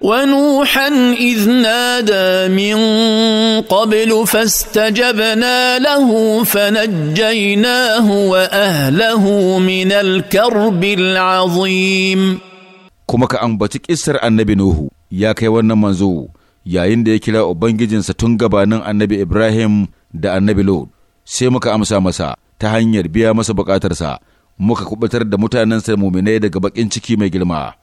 ونوحا اذ نادى من قبل فاستجبنا له فنجيناه واهله من الكرب العظيم kuma ka ambaci kissar annabi Nuhu ya kai wannan manzo yayin da ya kira ubangijinsa tun gabanin annabi Ibrahim da annabi Lot sai muka amsa masa ta hanyar biya masa bukatarsa muka kubutar da mutanensa muminai daga bakin ciki mai girma